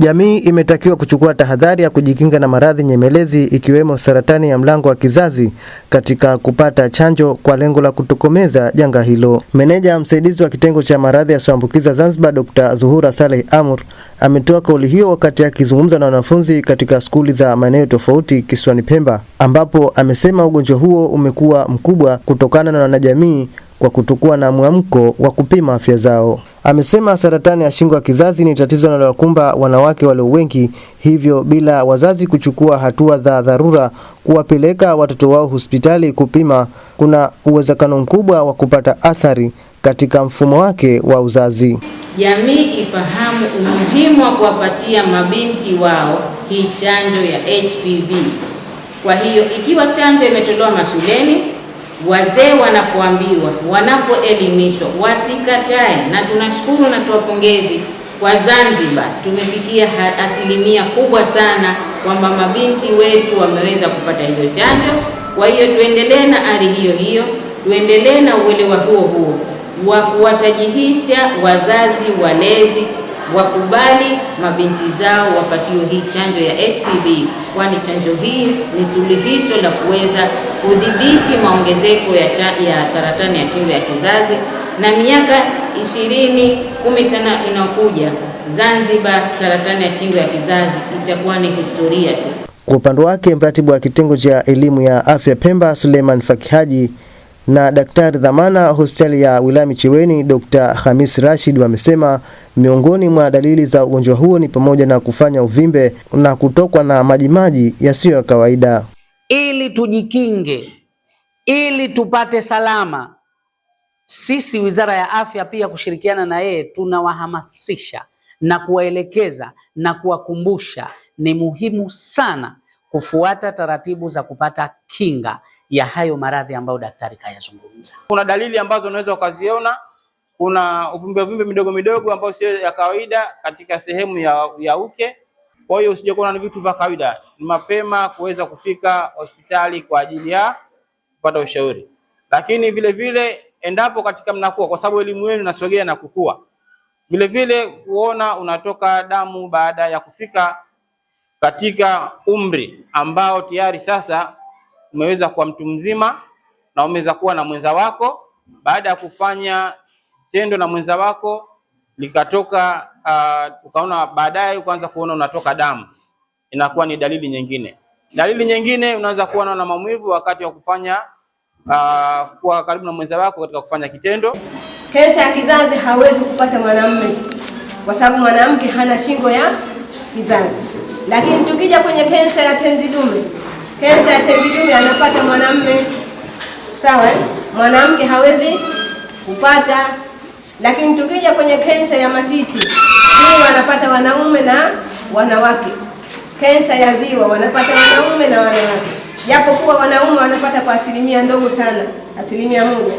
Jamii imetakiwa kuchukua tahadhari ya kujikinga na maradhi nyemelezi ikiwemo saratani ya mlango wa kizazi katika kupata chanjo kwa lengo la kutokomeza janga hilo. Meneja msaidizi wa kitengo cha maradhi yasiyoambukiza Zanzibar, Dr. Zuhura Saleh Amur ametoa kauli hiyo wakati akizungumza na wanafunzi katika skuli za maeneo tofauti kisiwani Pemba, ambapo amesema ugonjwa huo umekuwa mkubwa kutokana na wanajamii kwa kutokuwa na mwamko wa kupima afya zao. Amesema saratani ya shingo ya kizazi ni tatizo linalowakumba wanawake walio wengi, hivyo bila wazazi kuchukua hatua za dharura kuwapeleka watoto wao hospitali kupima, kuna uwezekano mkubwa wa kupata athari katika mfumo wake wa uzazi. Jamii ifahamu umuhimu wa kuwapatia mabinti wao hii chanjo ya HPV. Kwa hiyo ikiwa chanjo imetolewa mashuleni wazee wanapoambiwa, wanapoelimishwa wasikatae, na tunashukuru na tuwapongezi kwa Zanzibar tumefikia asilimia kubwa sana kwamba mabinti wetu wameweza kupata hiyo chanjo. Kwa hiyo tuendelee na ari hiyo hiyo, tuendelee na uelewa huo huo wa kuwasajihisha wazazi walezi wakubali mabinti zao wapatiwe hii chanjo ya HPV, kwani chanjo hii ni suluhisho la kuweza kudhibiti maongezeko ya, ya saratani ya shingo ya kizazi. Na miaka ishirini kumi tena inayokuja, Zanzibar saratani ya shingo ya kizazi itakuwa ni historia tu. Kwa upande wake, mratibu wa kitengo cha elimu ya afya Pemba, Suleiman Fakihaji na daktari dhamana hospitali ya wilaya Micheweni Dr. Hamis Rashid wamesema miongoni mwa dalili za ugonjwa huo ni pamoja na kufanya uvimbe na kutokwa na majimaji yasiyo ya kawaida. Ili tujikinge, ili tupate salama, sisi Wizara ya Afya pia kushirikiana na yeye tunawahamasisha na kuwaelekeza na kuwakumbusha, ni muhimu sana kufuata taratibu za kupata kinga ya hayo maradhi ambayo daktari kayazungumza. Kuna dalili ambazo unaweza ukaziona, kuna uvimbe uvimbe midogo midogo ambayo sio ya kawaida katika sehemu ya, ya uke. Kwa hiyo usije kuona ni vitu vya kawaida, ni mapema kuweza kufika hospitali kwa ajili ya kupata ushauri. Lakini vile vile endapo katika mnakuwa, kwa sababu elimu yenu inasogea na kukua, vile vile kuona unatoka damu baada ya kufika katika umri ambao tayari sasa umeweza kuwa mtu mzima na umeweza kuwa na mwenza wako. Baada ya kufanya tendo na mwenza wako likatoka, uh, ukaona baadaye ukaanza kuona unatoka damu, inakuwa ni dalili nyingine. Dalili nyingine unaanza kuwa na maumivu wakati wa kufanya uh, kuwa karibu na mwenza wako katika kufanya kitendo. Kansa ya kizazi hawezi kupata mwanamume kwa sababu mwanamke hana shingo ya kizazi, lakini tukija kwenye kansa ya tenzi dume Kansa ya tezi dume anapata mwanamume, sawa? Eh? Mwanamke hawezi kupata. Lakini tukija kwenye kensa ya matiti, hiyo wanapata wanaume na wanawake. kensa ya ziwa wanapata wanaume na wanawake, japokuwa wanaume wanapata kwa asilimia ndogo sana, asilimia moja,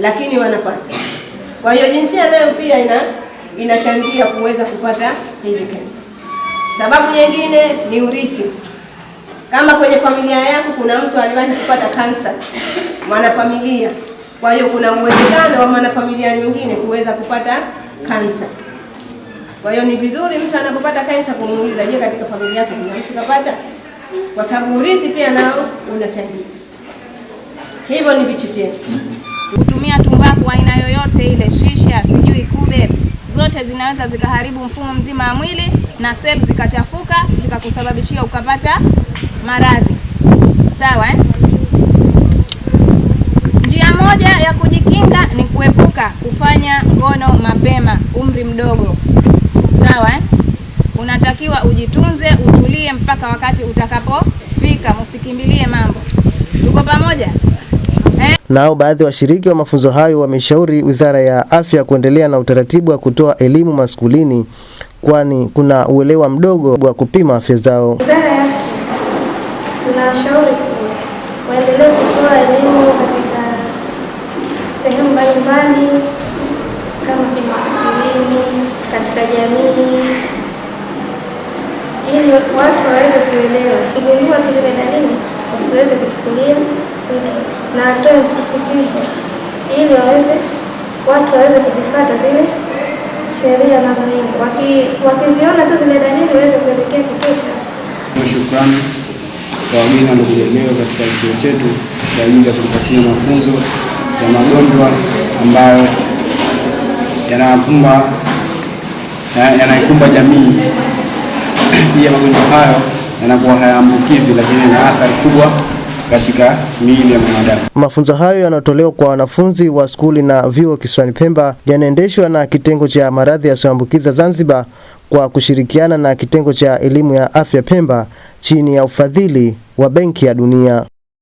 lakini wanapata. Kwa hiyo jinsia nayo pia ina inachangia kuweza kupata hizi kansa. Sababu nyingine ni urithi. Kama kwenye familia yako kuna mtu aliwahi kupata kansa, mwanafamilia, kwa hiyo kuna uwezekano wa mwanafamilia nyingine kuweza kupata kansa. Kwa hiyo ni vizuri mtu anapopata kansa kumuuliza, je, katika familia yako kuna mtu kapata? Kwa sababu urithi pia nao unachangia. Hivyo ni vichocheo. Kutumia tumbaku aina yoyote ile, shisha, sijui kube, zote zinaweza zikaharibu mfumo mzima wa mwili na seli zikachafuka zikakusababishia ukapata maradhi. Sawa eh? Njia moja ya kujikinga ni kuepuka kufanya ngono mapema umri mdogo. Sawa eh? Unatakiwa ujitunze, utulie mpaka wakati utakapofika, msikimbilie mambo. Tuko pamoja? Eh? Nao baadhi washiriki wa mafunzo hayo wameshauri Wizara ya Afya kuendelea na utaratibu wa kutoa elimu maskulini, kwani kuna uelewa mdogo wa kupima afya zao. Tunashauri waendelee kutoa elimu katika sehemu mbalimbali kama kimasukulini, katika jamii ili watu waweze kuelewa, kugundua zile dalili wasiweze kuchukulia, na atoe msisitizo ili waweze watu waweze kuzifata zile sheria nazo nini, wakiziona tu zile dalili waweze kuelekea kituo cha shukrani wageni wanaokuja katika kituo chetu kwa ajili ya kutupatia mafunzo ya magonjwa ambayo yanakumba yanaikumba jamii. Pia magonjwa hayo yanakuwa hayaambukizi, lakini na athari kubwa katika miili ya mwanadamu. Mafunzo hayo yanatolewa kwa wanafunzi wa skuli na vyuo kisiwani Pemba, yanaendeshwa na kitengo cha maradhi yasiyoambukiza Zanzibar kwa kushirikiana na kitengo cha elimu ya afya Pemba chini ya ufadhili wa Benki ya Dunia.